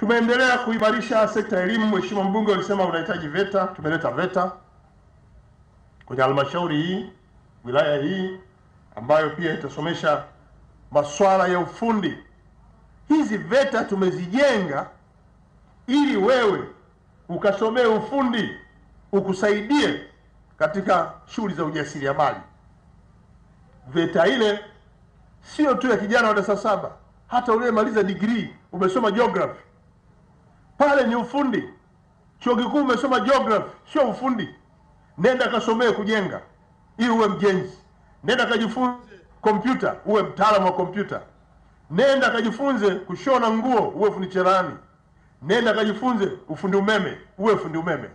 Tumeendelea kuimarisha sekta ya elimu. Mheshimiwa mbunge alisema unahitaji VETA, tumeleta VETA kwenye halmashauri hii, wilaya hii ambayo pia itasomesha masuala ya ufundi. Hizi VETA tumezijenga ili wewe ukasomee ufundi ukusaidie katika shughuli za ujasiriamali. VETA ile sio tu ya kijana wa darasa saba, hata uliyemaliza degree umesoma geography pale ni ufundi. Chuo kikuu umesoma geography, sio ufundi. Nenda kasomee kujenga ili uwe mjenzi. Nenda kajifunze kompyuta uwe mtaalamu wa kompyuta. Nenda kajifunze kushona nguo uwe fundi cherani. Nenda kajifunze ufundi umeme uwe fundi umeme.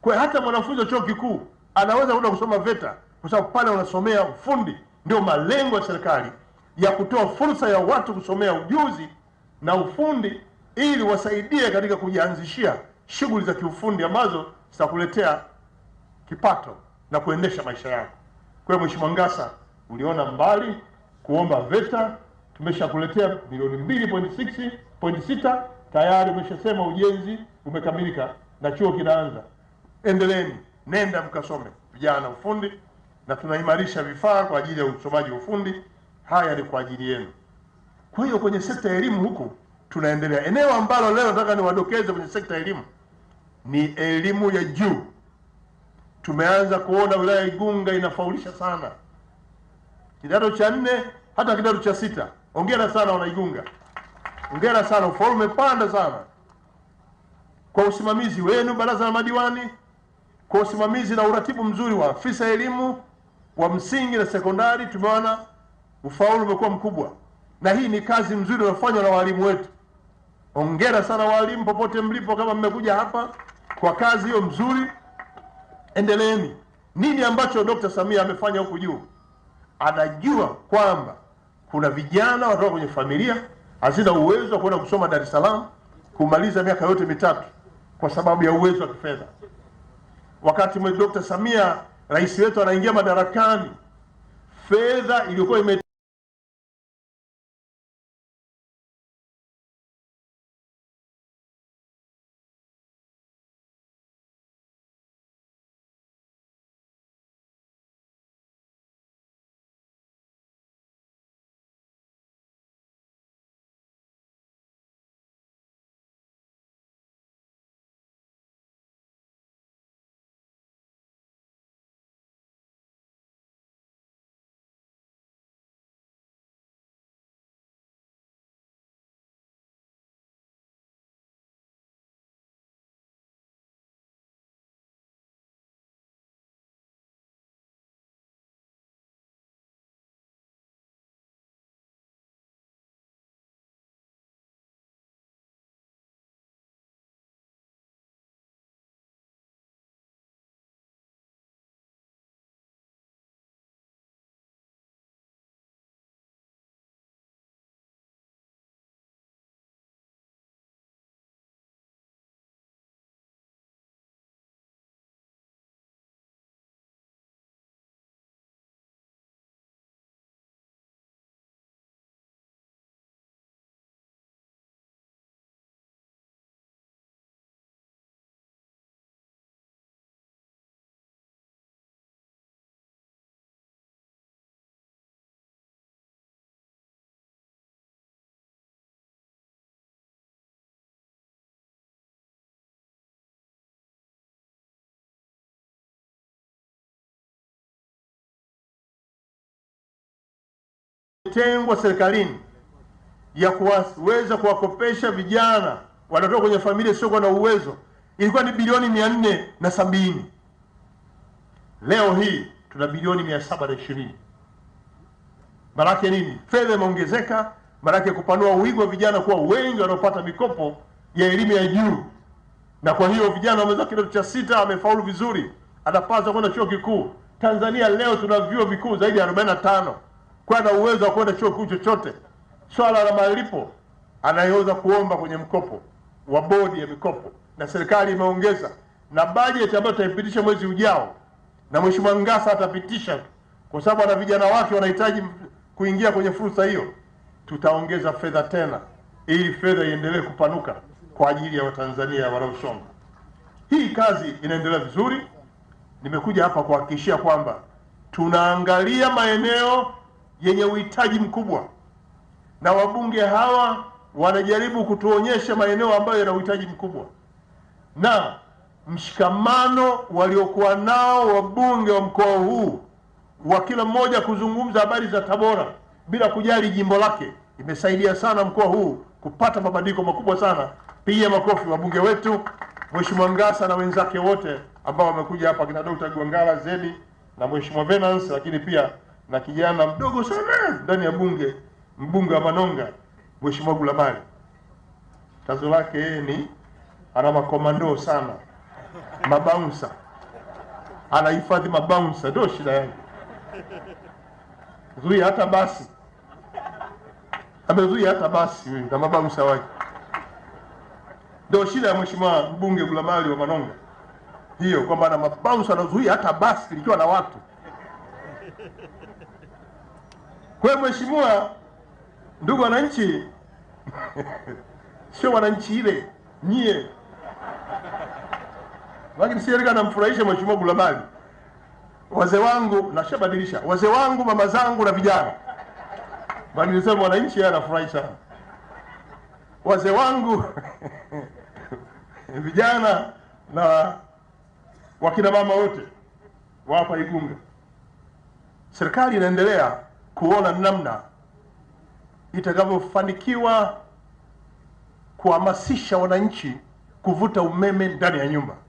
Kwa hata mwanafunzi wa chuo kikuu anaweza kwenda kusoma VETA kwa sababu pale unasomea ufundi. Ndio malengo ya serikali ya kutoa fursa ya watu kusomea ujuzi na ufundi ili wasaidie katika kujianzishia shughuli za kiufundi ambazo zitakuletea kipato na kuendesha maisha yako. Kwa hiyo Mheshimiwa Ngasa, uliona mbali kuomba VETA, tumeshakuletea milioni 2.6 tayari, umeshasema ujenzi umekamilika na chuo kinaanza. Endeleeni, nenda mkasome vijana ufundi, na tunaimarisha vifaa kwa ajili ya usomaji wa ufundi. Haya ni kwa ajili yenu. Kwa hiyo kwenye sekta ya elimu huku tunaendelea. Eneo ambalo leo nataka niwadokeze kwenye sekta ya elimu ni elimu ya juu. Tumeanza kuona wilaya ya Igunga inafaulisha sana, kidato cha nne hata kidato cha sita. Ongera sana Wanaigunga, ongera sana, ufaulu umepanda sana kwa usimamizi wenu, baraza la madiwani, kwa usimamizi na uratibu mzuri wa afisa elimu wa msingi na sekondari, tumeona ufaulu umekuwa mkubwa, na hii ni kazi mzuri unaofanywa na walimu wetu. Ongera sana walimu, popote mlipo, kama mmekuja hapa kwa kazi hiyo mzuri, endeleeni. Nini ambacho Dr. Samia amefanya huku juu? Anajua kwamba kuna vijana wanatoka kwenye familia hazina uwezo wa kwenda kusoma Dar es Salaam kumaliza miaka yote mitatu kwa sababu ya uwezo wa kifedha. Wakati Dr. Samia rais wetu anaingia madarakani, fedha iliyokuwa ime imetengwa serikalini ya kuweza kuwakopesha vijana wanaotoka kwenye familia isiyokuwa na uwezo ilikuwa ni bilioni mia nne na sabini. Leo hii tuna bilioni mia saba na ishirini. Maanake nini? Fedha imeongezeka, maanake kupanua wigo wa vijana kuwa wengi wanaopata mikopo ya elimu ya juu, na kwa hiyo vijana wameweza kidato cha sita, amefaulu vizuri, anapaswa kwenda chuo kikuu. Tanzania leo tuna vyuo vikuu zaidi ya 45 kuwa na uwezo wa kwenda chuo kikuu chochote. Swala la malipo anayeweza kuomba kwenye mkopo wa bodi ya mikopo, na serikali imeongeza na bajeti ambayo tutaipitisha mwezi ujao, na mheshimiwa Ngasa atapitisha kwa sababu ana vijana wake wanahitaji kuingia kwenye fursa hiyo. Tutaongeza fedha tena ili fedha iendelee kupanuka kwa ajili ya Watanzania wanaosoma. Hii kazi inaendelea vizuri. Nimekuja hapa kuhakikishia kwamba tunaangalia maeneo yenye uhitaji mkubwa, na wabunge hawa wanajaribu kutuonyesha maeneo ambayo yana uhitaji mkubwa, na mshikamano waliokuwa nao wabunge wa mkoa huu wa kila mmoja kuzungumza habari za Tabora bila kujali jimbo lake imesaidia sana mkoa huu kupata mabadiliko makubwa sana. Piga makofi wabunge wetu, Mheshimiwa Ngasa na wenzake wote ambao wamekuja hapa, kina Dr. Gwangala Zedi na Mheshimiwa Venance, lakini pia na kijana mdogo sana ndani ya bunge, mbunge wa Manonga, Mheshimiwa Gulamali. Tazo lake yeye ni ana makomando sana, mabaunsa, anahifadhi mabaunsa, ndio shida yake. Zuia hata basi, amezuia hata basi na mabaunsa wake, ndio shida ya Mheshimiwa mbunge Gulamali wa Manonga hiyo, kwamba ana mabaunsa anazuia hata basi likiwa na watu kwa mheshimiwa, ndugu wananchi, sio wananchi ile nyie, lakini sieleka namfurahisha mheshimiwa Gulabali, wazee wangu nashabadilisha, wazee wangu, mama zangu na vijana, bali nisema wananchi, yeye anafurahi sana, wazee wangu vijana na wakina mama wote wapa Igunga, serikali inaendelea kuona namna itakavyofanikiwa kuhamasisha wananchi kuvuta umeme ndani ya nyumba.